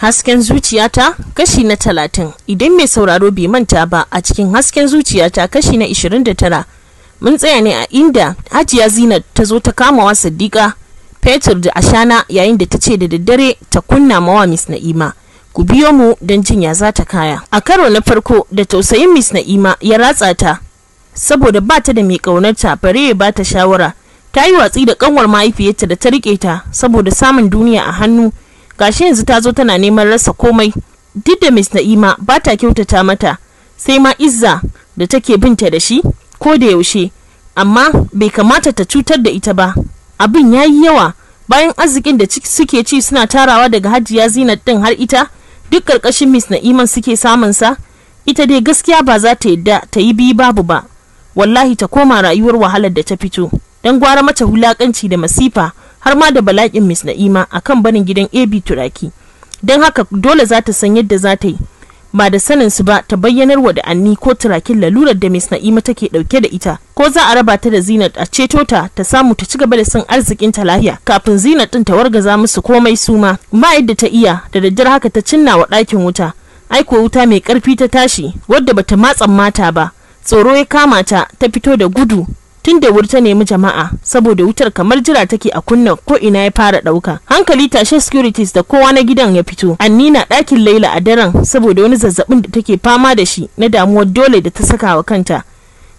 Hasken zuciyata kashi na talatin idan mai sauraro bai manta ba a cikin hasken zuciyata kashi na 29 mun tsaya ne a inda hajiya zina ta zo ta kamawa sadiqa fetur da ashana yayin da ta ce da daddare ta kunna mawa miss na'ima ku biyo mu don jin ya za ta kaya a karo na farko da tausayin miss na'ima ya ratsa ta saboda ba ta da mai kaunarta bare ya ba ta shawara ta yi watsi da kanwar mahaifiyarta da ta rike ta saboda samun duniya a hannu gashi yanzu ta zo tana neman rasa komai duk da miss na'ima ba ta kyautata mata sai ma izza da take binta da shi ko da yaushe amma bai kamata ta cutar da ita ba abin ya yi yawa bayan arzikin da suke ci suna tarawa daga hajiya zinat din har ita duk ƙarƙashin miss na'iman suke samun sa ita dai gaskiya ba za ta yadda ta yi biyu babu ba wallahi ta koma rayuwar wahalar da ta fito don gwara mata hulakanci da masifa har ma da bala'in Miss Na'ima a kan barin gidan AB Turaki. Don haka dole za ta san yadda za ta yi ba da sanin su ba ta bayyanar wa da'anni ko turakin lalurar da Miss Na'ima take dauke da ita ko za a raba ta da Zinat a ceto ta ta samu ta ci gaba da son arzikin ta lahiya kafin Zinat din ta wargaza musu komai suma ba yadda ta iya da daddar haka ta cinna wa ɗakin wuta aiko wuta mai karfi ta tashi wadda bata matsan mata ba tsoro ya kama ta ta fito da gudu tun da wuri ta nemi jama'a saboda wutar kamar jira take a kunna ko ina ya fara dauka hankali tashe securities da kowa na gidan ya fito anni na dakin laila a daren saboda wani zazzabin da take fama da shi na damuwar dole da ta saka wa kanta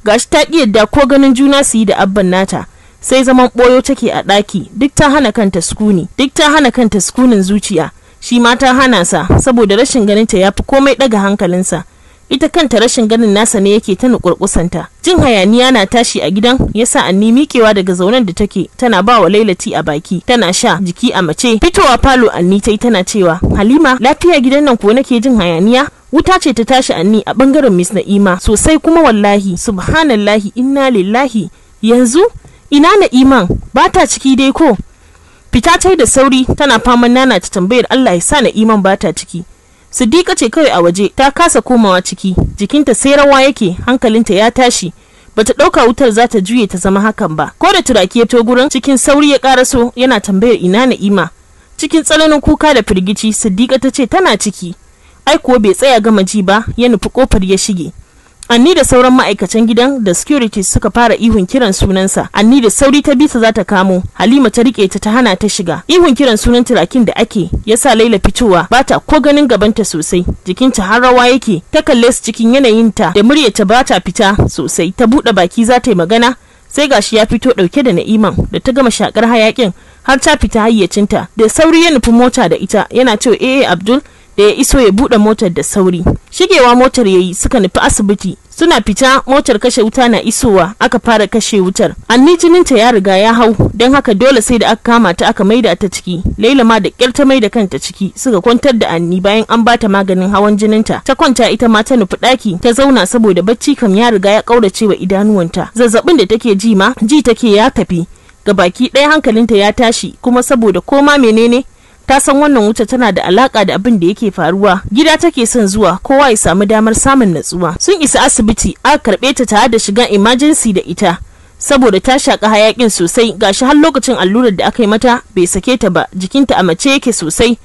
gashi ta ki yadda ko ganin juna su yi da abban nata sai zaman boyo take a daki duk ta hana kanta sukuni duk ta hana kanta sukunin zuciya shi ma ta hana sa saboda rashin ganinta ya fi komai daga hankalinsa ita kanta rashin ganin nasa ne yake ta nukurkusanta jin hayaniya na tashi a gidan yasa anni mikewa daga zaunen da take tana ba wa lailati a baki tana sha jiki a mace fitowa falo anni tai tana cewa halima lafiya gidan nan ko nake jin hayaniya wuta ce ta tashi anni a bangaren miss na'ima sosai kuma wallahi subhanallahi inna lillahi yanzu ina na'iman ba ta ciki dai ko fita tai da sauri tana faman nana ta tambayar allah ya sa na'iman ba ta ciki siddika ce kawai a waje ta kasa komawa ciki jikinta sai rawa yake hankalinta ya tashi bata ɗauka wutar zata ta juye ta zama hakan ba ko da turaki ya to gurin cikin sauri ya so yana tambayar ina na'ima cikin tsananin kuka da firgici siddiƙa ta ce tana ciki ai kuwa bai tsaya gama ji ba ya nufi ƙofar ya shige anni da sauran ma'aikatan gidan da security suka fara ihun kiran sunansa anni da sauri ta bisa za ta kamo halima ta rike ta ta hana ta shiga ihun kiran sunan turakin da ake ya sa laila fitowa ba ta ko ganin gabanta sosai jikinta har rawa yake ta kalle su cikin yanayinta da muryarta ta fita sosai ta buɗe baki za ta yi magana sai gashi ya fito ɗauke da na'iman da ta gama shakar hayakin har ta fita hayyacinta da sauri ya nufi mota da ita yana cewa eh, eh abdul da ya iso ya buɗe motar da sauri shigewa motar yayi suka nufi asibiti suna fita motar kashe wuta na isowa aka fara kashe wutar anni jininta ya riga ya hau don haka dole sai da aka kama ta aka maida ta ciki laila ma da kyar ta maida kanta ciki suka kwantar da anni bayan an bata maganin hawan jinin ta ta kwanta ita ma ta nufi ɗaki ta zauna saboda bacci kam ya riga ya ƙaurace wa idanuwanta zazzabin da take ji ma ji take ya tafi ga baki ɗaya hankalinta ya tashi kuma saboda koma menene ta san wannan wuta tana da alaka da abin da yake faruwa gida take son zuwa kowa ya samu damar samun natsuwa sun isa asibiti aka karɓe ta tare da shiga emergency da ita saboda ta shaka hayaƙin sosai gashi har lokacin allurar da aka yi mata bai sake ta ba jikinta a mace yake sosai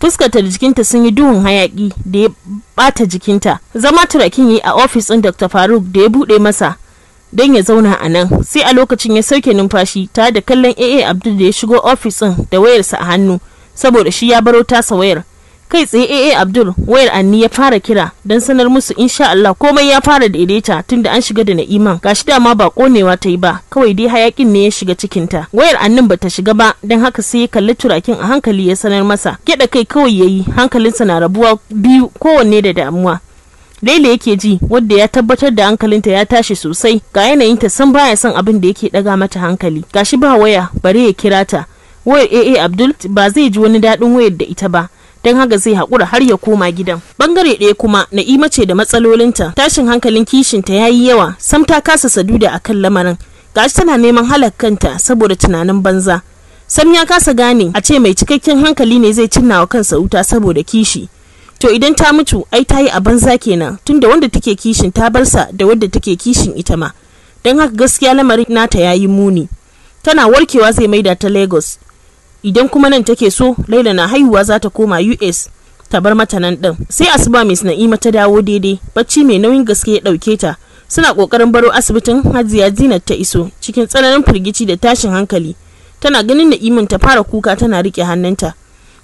fuskarta da jikinta sun yi duhun hayaƙi da ya bata jikinta zama turakin yi a ofis ɗin dr faruk da ya buɗe masa don ya zauna a nan sai a lokacin ya sauke numfashi tare da kallon aa abdul da ya shigo ofis ɗin da wayarsa a hannu saboda shi ya baro tasa wayar kai tsaye AA Abdul wayar Anni ya fara kira don sanar musu insha Allah komai ya fara daidaita tunda an shiga da Na'iman gashi dama ba konewa ta yi ba kawai dai hayakin ne ya shiga cikin ta wayar Annin bata shiga ba don haka sai ya kalli turakin a hankali ya sanar masa gyaɗa kai kawai yayi hankalinsa na rabuwa biyu kowanne da damuwa Laila yake ji wadda ya tabbatar da hankalinta ya tashi sosai ga yanayin ta san baya son abin da yake daga mata hankali gashi ba waya bare ya kira ta wayar aa abdul ba zai ji wani daɗin wayar da ita ba don haka zai haƙura har ya koma gidan bangare ɗaya kuma na'ima ce da matsalolinta tashin hankalin kishinta ya yi yawa sam ta kasa saduda a kan lamarin gashi tana neman halak kanta saboda tunanin banza sam ya kasa gane a ce mai cikakken hankali ne zai cinna wa kansa wuta saboda kishi to idan ta mutu ai ta yi a banza kenan tunda wanda take kishin ta barsa da wanda take kishin ita ma don haka gaskiya lamarin nata ya yi muni tana warkewa zai maida ta lagos idan kuma nan take so laila na haihuwa za ta koma us ta bar mata nan ɗin sai asuba miss na'ima ta dawo daidai bacci mai nauyin gaske ya dauke ta suna kokarin baro asibitin hajiya zinat ta iso cikin tsananin firgici da tashin hankali tana ganin na'iman ta fara kuka tana riƙe hannunta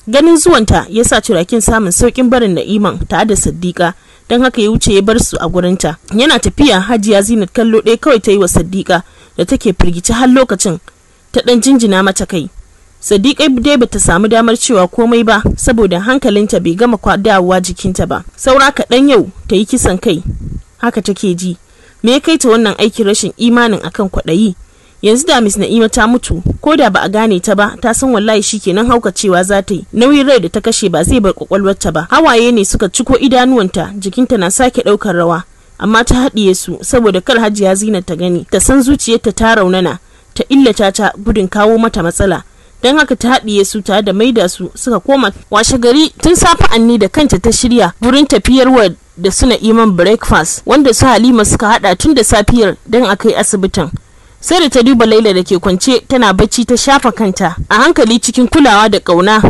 ganin zuwanta ya sa cirakin samun saukin barin na'iman ta da saddiƙa don haka ya wuce ya bar su a gurinta yana tafiya hajiya zinat kallo ɗaya kawai ta yi wa saddiƙa da take firgici har lokacin ta ɗan jinjina mata kai Sadiqai dai bata samu damar cewa komai ba saboda hankalinta bai gama kwadawa jikinta ba saura kaɗan yau ta yi kisan kai haka take ji me ya kai ta wannan aikin rashin imanin akan kwaɗayi yanzu da miss na'ima ta mutu ko da ba a gane ta ba ta san wallahi shikenan haukacewa za ta yi nauyin rai da ta kashe ba zai bar kwakwalwarta ba hawaye ne suka ciko idanuwanta jikinta na sake ɗaukar rawa amma ta haɗiye su saboda kar hajiya zina ta gani ta san zuciyarta ta raunana ta illata ta gudun kawo mata matsala don haka ta haɗiye su tare da maida su suka koma washe gari tun safe anni da kanta ta shirya wurin tafiyar wa da suna iman breakfast wanda su halima suka haɗa tun da safiyar don a kai asibitin sai da ta duba laila da ke kwance tana bacci ta shafa kanta a hankali cikin kulawa da ƙauna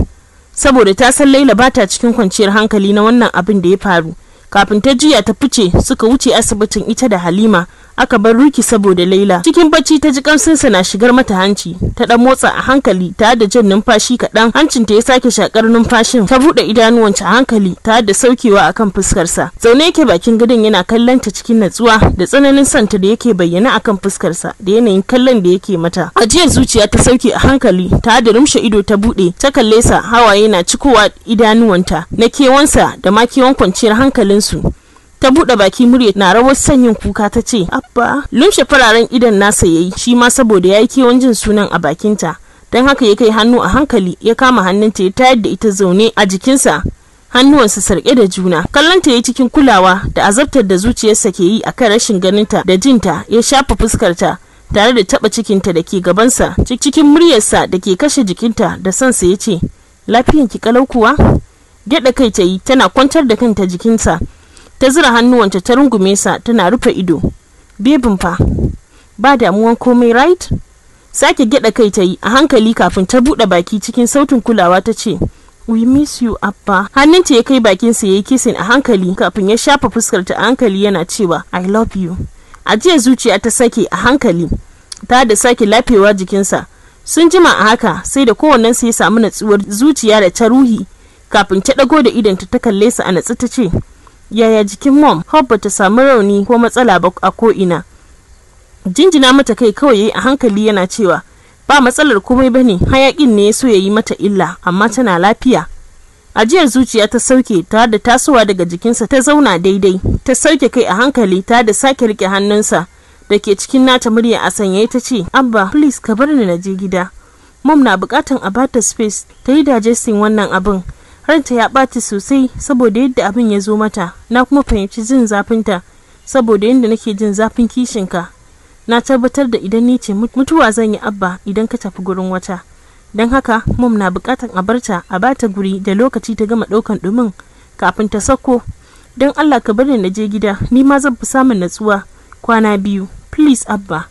saboda ta san laila ba ta cikin kwanciyar hankali na wannan abin da ya faru kafin ta jiya ta fice suka wuce asibitin ita da halima aka bar ruki saboda laila cikin bacci ta ji kamsinsa na shigar mata hanci ta dan motsa a hankali ta da jin numfashi kaɗan hancin ta ya sake shakar numfashin ta buɗe idanuwanta a hankali ta da saukewa akan fuskarsa zaune yake bakin gadon yana kallon ta cikin natsuwa da tsananin santa da yake bayyana akan fuskarsa da yanayin kallon da yake mata ajiyar zuciya ta sauke a hankali ta da rumshe ido ta buɗe ta kalle sa hawaye na cikowa idanuwanta na kewansa da ma kewan kwanciyar hankalinsu ta buɗe baki murya na rawar sanyin kuka ta ce abba lumshe fararen idan nasa yayi shi ma saboda yayi kewan jin sunan a bakinta don haka ya kai hannu a hankali ya kama hannunta ya tayar da ita zaune a jikinsa hannuwansa sarƙe da juna kallonta ya cikin kulawa da azabtar da zuciyarsa ke yi akan rashin ganinta da jinta ya shafa fuskarta tare da taɓa cikinta da ke gabansa cikin muryarsa da ke kashe jikinta da sansa ya ce ki kalau kuwa gyaɗa kai ta yi tana kwantar da kanta jikinsa ta zira hannuwanta ta rungume sa tana rufe ido bebin fa ba damuwan komai right sake gyada kai ta yi a hankali kafin ta bude baki cikin sautin kulawa ta ce we miss you abba hannunta ya kai sa ya yi kisin a hankali kafin ya shafa fuskarta a hankali yana cewa i love you a jiya zuciya ta sake a hankali ta da sake lafewa jikinsa sun jima a haka sai da kowannen kowannensu ya samu natsuwar zuciya da ta ruhi kafin ta ɗago da idanta ta kalle sa a natsu ta ce yaya jikin mom hobba ta samu rauni ko matsala ba a ko'ina jinjina mata kai kawai a hankali yana cewa ba matsalar komai ba bane hayakin ne ya so ya yi mata illa amma tana lafiya ajiyar zuciya ta sauke ta da tasowa daga jikinsa ta zauna daidai ta sauke kai a hankali ta da sake rike hannunsa da ke cikin nata murya a sanyayi ta ce abba please ka bar ni na je gida mom na bukatan a bata space ta yi digesting wannan abin ranta ya ɓaci sosai saboda yadda abin ya zo mata na kuma fahimci jin zafinta saboda yadda nake jin zafin kishinka na tabbatar da idan ni ce mutuwa zan yi abba idan ka tafi gurin wata don haka mum na buƙatar a barta a bata guri da lokaci ta gama ɗaukan ɗumin kafin ta sako don allah ka bari na je gida ni ma zan fi samun natsuwa kwana biyu please abba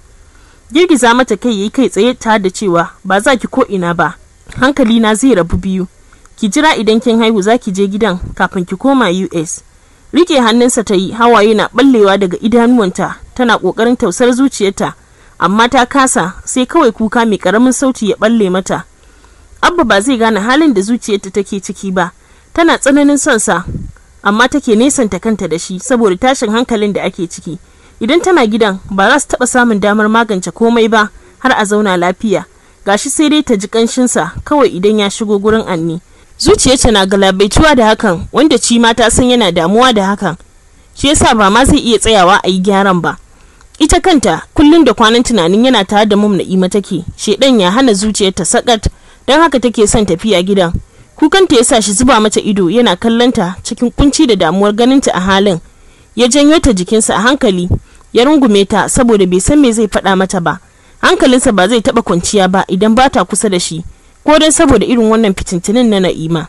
girgiza mata kai yayi kai tsaye tare da cewa ba za ki ko ina ba hankali na zai rabu biyu ki jira idan kin haihu za ki je gidan kafin ki koma US. Rike hannunsa ta yi hawaye na ballewa daga idanuwanta tana ƙoƙarin tausar zuciyarta amma ta kasa sai kawai kuka mai ƙaramin sauti ya ɓalle mata. Abba ba zai gane halin da zuciyarta take ciki ba tana tsananin son sa amma take nesanta kanta da shi saboda tashin hankalin da ake ciki. Idan tana gidan ba za su taɓa samun damar magance komai ba har a zauna lafiya. Gashi sai dai ta ji ƙanshinsa kawai idan ya shigo gurin anni. zuciyarta na galabaituwa da hakan wanda ci mata ta san yana damuwa da hakan shi yasa ba ma zai iya tsayawa a yi gyaran ba ita kanta kullum da kwanan tunanin yana tare da mum na'ima take shedan ya hana zuciyarta sakat dan haka take son tafiya gidan kukanta ya sa shi zuba mata ido yana kallonta cikin kunci da damuwar ganinta a halin ya janyo ta jikinsa a hankali ya rungume ta saboda bai san me zai faɗa mata ba hankalinsa ba zai taɓa kwanciya ba idan ba ta kusa da shi ko dai saboda irin wannan fitintinin na na'ima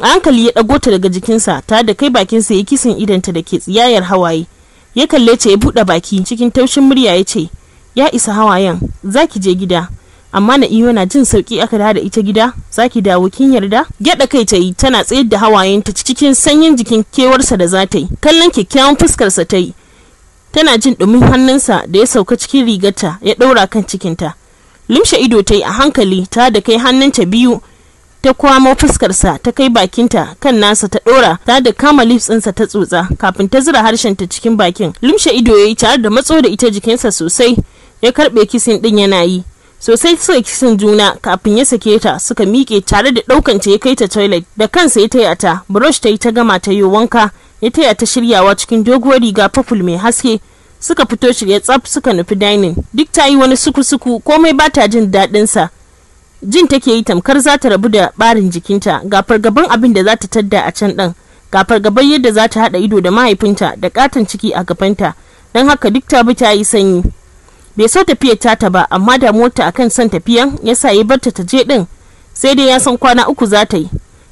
a hankali ya ɗago ta daga jikinsa ta da kai bakinsa ya kisan idanta da ke tsiyayar hawaye ya kalle ta ya buɗe baki cikin taushin murya ya ce ya isa hawayen za ki je gida amma na'ima na jin sauki aka da da ita gida za ki dawo kin yarda gyaɗa kai ta yi tana tsayar da hawayenta cikin sanyin jikin kewarsa da za ta yi kallon kyakkyawan fuskarsa ta yi tana jin ɗumin hannunsa da ya sauka cikin rigarta ya ɗaura kan cikinta lumshe ido ta yi a hankali ta da kai hannunta biyu ta kwamo fuskarsa ta kai bakinta kan nasa ta dora ta da kama lipsinsa ta tsotsa kafin ta zura ta cikin bakin lumshe ido ya yi tare da matso da ita jikinsa sosai ya karbe kisin din yana yi sosai suka kisin juna kafin ya sake ta suka miƙe tare da ɗaukan ta ya kai ta toilet da kansa ya taya ta brush ta yi ta gama ta yi wanka ya taya ta shiryawa cikin doguwar riga purple mai haske suka fito shirye tsaf suka nufi dining duk ta yi wani suku-suku komai ba ta jin daɗin sa jin take yi tamkar za ta rabu da barin jikinta ga fargaban abin da za ta tadda a can ɗin ga fargaban yadda za ta haɗa ido da mahaifinta da ƙaton ciki a gabanta don haka duk ta bi ta yi sanyi bai so tafiyar ta ba amma da mota akan son tafiyan ya sa ya barta ta je ɗin sai dai ya san kwana uku za ta yi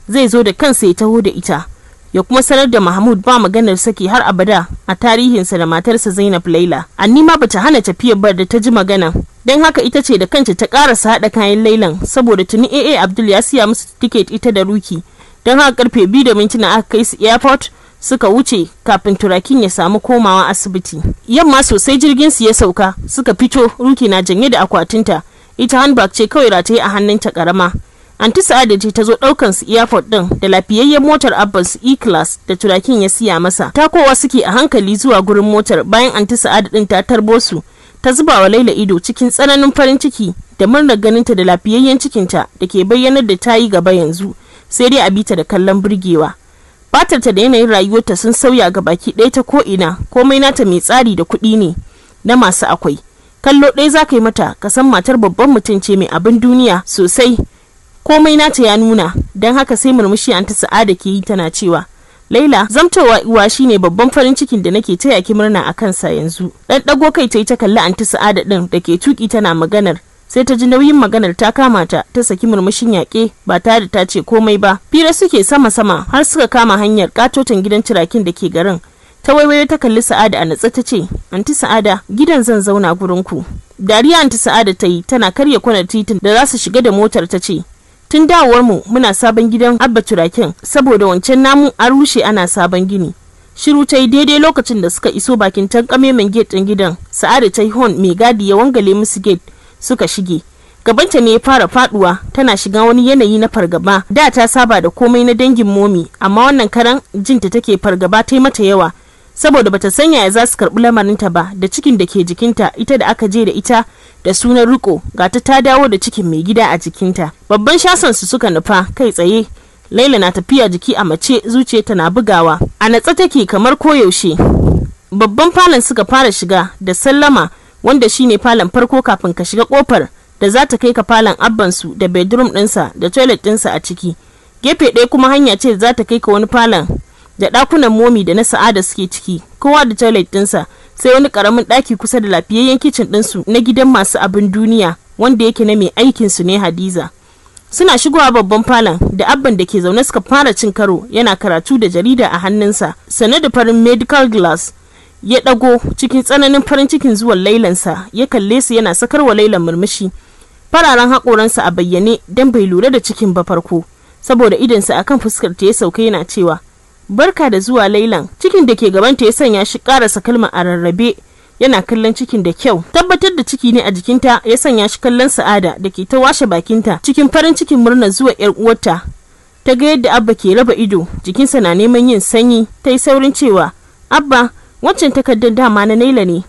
zai zo da kansa ya taho da ita ya kuma sanar da Mahmud ba maganar saki har abada a tarihinsa da matarsa Zainab Laila. Annima ta hana tafiyar bar da ta ji magana. Don haka ita ce da kanta ta karasa haɗa kayan Lailan saboda tuni AA Abdul ya siya musu tiket ita da Ruki. Don haka karfe biyu da mintuna aka kai su airport suka wuce kafin turakin ya samu komawa asibiti. Yamma sosai jirgin su ya sauka suka fito Ruki na janye da akwatinta. Ita handbag ce kawai rataye a hannunta karama. anti sa'ada ce ta zo ɗaukan su airport ɗin da lafiyayyen motar abbas e-class da turakin ya siya masa ta kowa suke a hankali zuwa gurin motar bayan anti sa'ada ɗin ta tarbo su ta zuba wa laila ido cikin tsananin farin ciki da murnar ganinta da lafiyayyen cikinta da ke bayyanar da ta yi gaba yanzu sai dai a bita da kallon burgewa fatarta da yanayin rayuwarta sun sauya ga baki ɗaya ta ko ina komai nata mai tsari da kuɗi ne na masu akwai kallo ɗaya za ka yi mata kasan matar babban mutum ce mai abin duniya sosai komai nata ya nuna don haka sai murmushi anta sa'ada ke yi tana cewa Laila zamtowa uwa shine babban farin cikin da nake taya ki murna a kansa yanzu. Dan dago kai ta yi ta kalli anti Sa'ada din da ke tuki tana maganar sai ta ji nauyin maganar ta kama ta ta saki murmushin yaƙe ba ta da ta ce komai ba. Fira suke sama sama har suka kama hanyar katotan gidan cirakin da ke garin. Ta waiwaye ta kalli Sa'ada a natsa ta ce, "Anti Sa'ada, gidan zan zauna gurin ku." Dariya anti Sa'ada ta yi tana karya kwanar titin da za su shiga da motar ta ce, tun dawowar mu muna sabon gidan abba turaken saboda wancan namu an rushe ana sabon gini shiru ta yi daidai lokacin da suka iso bakin tankame mai gate ɗin gidan sa'ada ta yi hon mai gadi ya wangale musu gate suka shige gabanta ne ya fara faduwa tana shiga wani yanayi na fargaba da ta saba da komai na dangin momi amma wannan karan jinta take fargaba ta mata yawa saboda bata sanya ya za su karɓi ta ba da cikin da ke jikinta ita da aka je da ita da sunan riko ga ta ta dawo da cikin mai gida a jikinta babban shasan su suka nufa kai tsaye laila na tafiya jiki a mace zuciyarta na bugawa a natsa take kamar koyaushe babban falon suka fara shiga da sallama wanda shine falon farko kafin ka shiga kofar da za ta kai ka falon abban su da bedroom dinsa da toilet dinsa a ciki gefe ɗaya kuma hanya ce da za ta kai ka wani falon da ɗakunan momi da na sa'ada suke ciki kowa da toilet ɗinsa sai wani karamin ɗaki kusa da lafiyayyen kicin ɗinsu na gidan masu abin duniya wanda yake na mai aikin su ne hadiza suna shigowa babban falon da abban da ke zaune suka fara cin karo yana karatu da jarida a hannunsa sane da farin medical glass ya ɗago cikin tsananin farin cikin zuwan lailansa ya kalle su yana sakar wa lailan murmushi fararen haƙoransa a bayyane don bai lura da cikin ba farko saboda idansa akan fuskar ta ya sauka yana cewa barka da zuwa lailan cikin da ke gabanta ya sanya shi karasa kalma a rarrabe yana kallon cikin da kyau tabbatar da ciki ne a jikinta ya sanya shi kallon sa'ada da ke ta washe bakinta cikin farin cikin murnar zuwa yar uwarta ta ga yadda abba ke raba ido jikinsa na neman yin sanyi ta yi saurin cewa abba wancan takardar dama na naila ne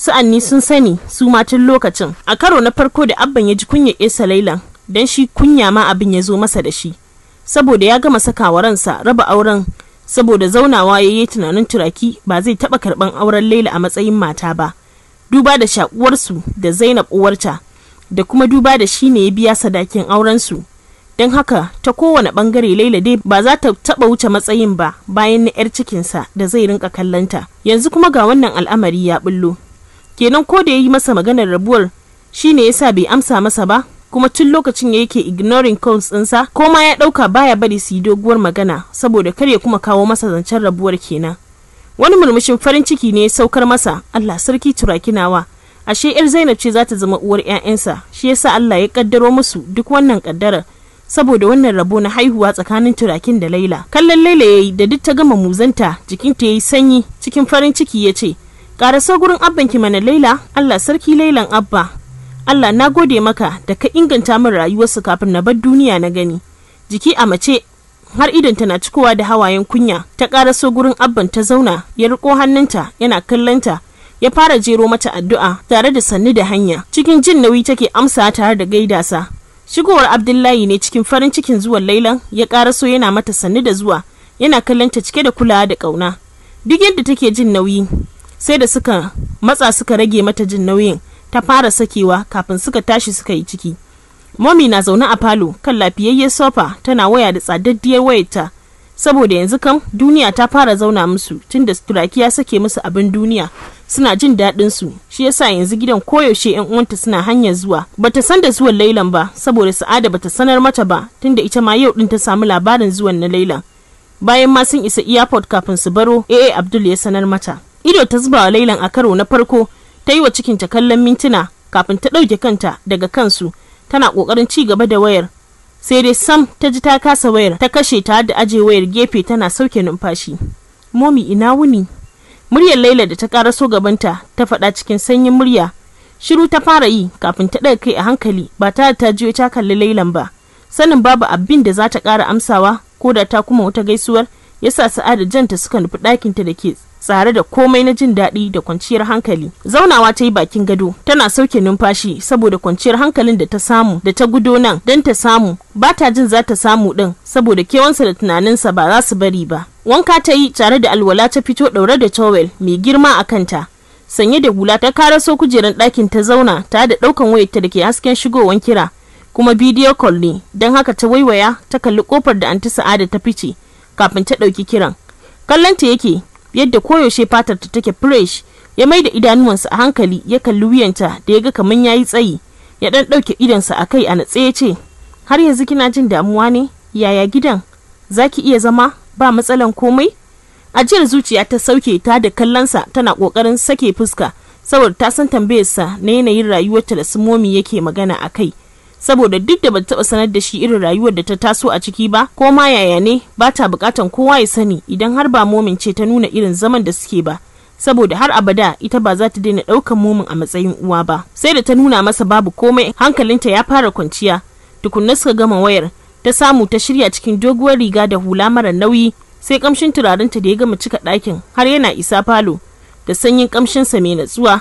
sa'anni sun sani su ma lokacin a karo na farko da abban ya ji kunya esa lailan dan shi kunya ma abin ya zo masa da shi saboda ya gama sakawa ransa raba auren saboda zaunawa ya yi tunanin turaki ba zai taɓa karɓan auren laila a matsayin mata ba duba da shakuwarsu da zainab uwarta da kuma duba da shi ne ya biya sadakin aurensu don haka ta kowane bangare laila dai ba za ta taɓa wuce matsayin ba bayan na 'yar cikinsa da zai rinka kallanta yanzu kuma ga wannan al'amari ya bullo kenan ko da ya yi masa maganar rabuwar shi ne ya sa bai amsa masa ba kuma tun lokacin ya yake ignoring calls ɗinsa ko ma ya ɗauka baya bari su yi doguwar magana saboda kar ya kuma kawo masa zancen rabuwar kenan wani murmushin farin ciki ne ya saukar masa Allah sarki turakinawa ashe yar Zainab ce za ta zama uwar 'ya'yansa shi yasa Allah ya kaddaro musu duk wannan kaddara saboda wannan rabo na haihuwa tsakanin turakin da Laila kallon Laila yayi da duk ta gama muzanta jikinta yayi sanyi cikin farin ciki ya ce saugurin gurin ki mana Laila Allah sarki Lailan abba Allah na gode maka da ka inganta min rayuwarsu kafin na bar duniya na gani jiki a mace har idan tana cikowa da hawayen kunya ta ƙaraso gurin abban ta zauna ya riko hannunta yana kallonta ya fara jero mata addu'a tare da sannu da hanya cikin jin nauyi take amsa tare da gaida sa shigowar abdullahi ne cikin farin cikin zuwan lailan ya karaso yana mata sannu da zuwa yana kallonta cike da kulawa da ƙauna. duk yadda take jin nauyi sai da suka matsa suka rage mata jin nauyin ta fara sakewa kafin suka tashi suka yi ciki momi na zaune a falo kan lafiyayyen sofa tana waya da tsadaddiyar wayarta saboda yanzu kam duniya ta fara zauna musu tunda turaki ya sake musu abin duniya suna jin daɗin su shi yasa yanzu gidan koyaushe yan uwanta suna hanyar zuwa bata san da zuwan lailan ba saboda sa'ada bata sanar mata ba tun da ita ma yau din ta samu labarin zuwan na lailan bayan ma sun isa airport kafin su baro AA Abdul ya sanar mata ido ta zuba wa lailan a karo na farko ta yi wa cikinta kallon mintuna kafin ta ɗauke kanta daga kansu tana ƙoƙarin ci gaba da wayar sai dai sam ta ji ta kasa wayar ta kashe ta da aje wayar gefe tana sauke numfashi momi ina wuni muryar laila da ta ƙaraso gabanta ta faɗa cikin sanyin murya shiru ta fara yi kafin ta ɗaga kai a hankali ba ta ta jiyo ta kalli lailan ba sanin babu abin da za ta ƙara amsawa ko da ta kuma wata gaisuwar yasa sa'ada janta suka nufi ɗakinta da ke tsare da komai na jin daɗi da kwanciyar hankali zaunawa ta yi bakin gado tana sauke numfashi saboda kwanciyar hankalin da ta samu da ta gudo nan don ta samu ba ta jin za ta samu ɗin saboda kewansa da tunaninsa ba za su bari ba wanka ta yi tare da alwala ta fito ɗaure da towel mai girma a kanta sanye da hula ta karaso kujerar ɗakin ta zauna tare da ɗaukan wayarta da ke hasken shigowan kira kuma bidiyo call ne don haka ta waiwaya ta kalli kofar da anti sa'ada ta fice kafin ta ɗauki kiran kallonta yake yadda koyaushe fatar ta take fresh ya mai da idanuwansa a hankali ya kalli wuyanta da ya ga kamar yayi tsayi ya dan ɗauke idonsa a kai a natse ya ce har yanzu kina jin damuwa ne yaya gidan zaki iya zama ba matsalan komai ajiyar zuciya ta sauke ta da kallonsa tana ƙoƙarin sake fuska saboda ta san tambayarsa na yanayin ta da simomi yake magana a kai saboda duk da bata taba sanar da shi irin rayuwar da ta taso a ciki ba ko ma yaya ne ba ta bukatan kowa ya sani idan har ba momin ce ta nuna irin zaman da suke ba saboda har abada ita ba za ta daina ɗaukan momin a matsayin uwa ba sai da ta nuna masa babu komai hankalinta ya fara kwanciya tukunna suka gama wayar ta samu ta shirya cikin doguwar riga da hula mara nauyi sai kamshin turarenta da ya gama cika ɗakin har yana isa falo da sanyin kamshinsa mai natsuwa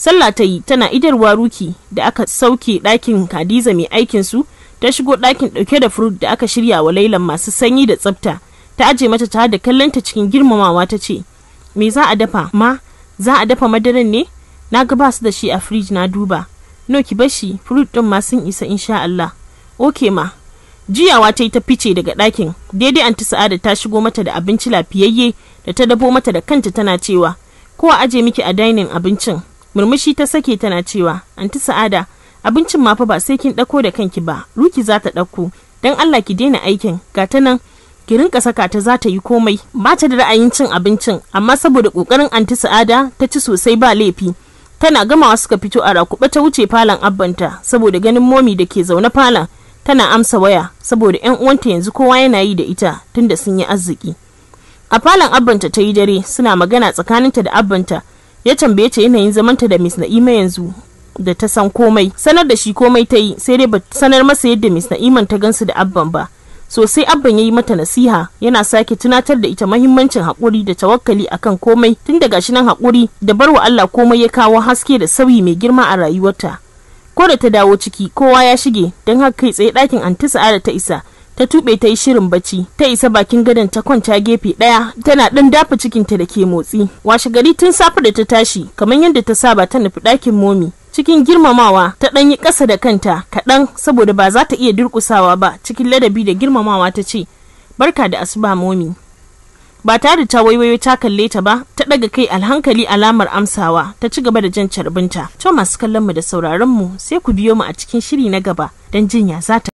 sallah ta yi tana idar waruki da aka sauke ɗakin kadiza mai aikin su ta shigo ɗakin ɗauke da furut da aka shirya wa lailan masu sanyi da tsafta ta aje mata ta da kallonta cikin girmamawa ta ce me za a dafa ma za a dafa madaran ne na ga basu da shi a firij na duba no ki bashi furut ɗin ma sun isa insha Allah oke ma jiyawa ta yi ta fice daga ɗakin daidai anti sa'ada ta shigo mata da abinci lafiyayye da ta dabo mata da kanta tana cewa ko a aje miki a dainin abincin murmushi ta sake tana cewa anti sa'ada abincin mafa ba sai kin ɗauko da kanki ba ruki za ta ɗauko don allah ki daina aikin ga ta nan ki rinka saka ta za ta yi komai ba ta da ra'ayin cin abincin amma saboda kokarin anti sa'ada ta ci sosai ba laifi tana gamawa suka fito a rakuɓa ta wuce falon abbanta saboda ganin momi da ke zaune falon tana amsa waya saboda yan uwanta yanzu kowa yana yi da ita tunda sun yi arziki a falon abbanta ta yi dare suna magana tsakaninta da abbanta ya tambaye ta yanayin zamanta da Miss Na'ima yanzu da ta san komai sanar da shi komai ta yi sai dai ba sanar masa yadda Miss Na'iman ta gansu da abban ba sosai abban ya yi mata nasiha yana sake tunatar da ita mahimmancin haƙuri da tawakkali akan komai tun daga shi nan haƙuri da bar wa Allah komai ya kawo haske da sauyi mai girma a rayuwarta ko da ta dawo ciki kowa ya shige don haka kai tsaye dakin anti sa'ada ta isa ta tube ta yi shirin bacci ta isa bakin gadon ta kwanta gefe daya. tana dan dafa cikinta da ke motsi washe gari tun safe da ta tashi kamar yadda ta saba ta nufi dakin momi cikin girmamawa ta ɗan yi ƙasa da kanta kaɗan saboda ba za ta iya durƙusawa ba cikin ladabi da girmamawa ta ce barka da asuba momi ba tare ta waiwayo ta kalle ta ba ta daga kai alhankali alamar amsawa ta ci gaba da jan carbinta to masu kallon mu da sauraron mu sai ku biyo mu a cikin shiri na gaba don jinya ya za ta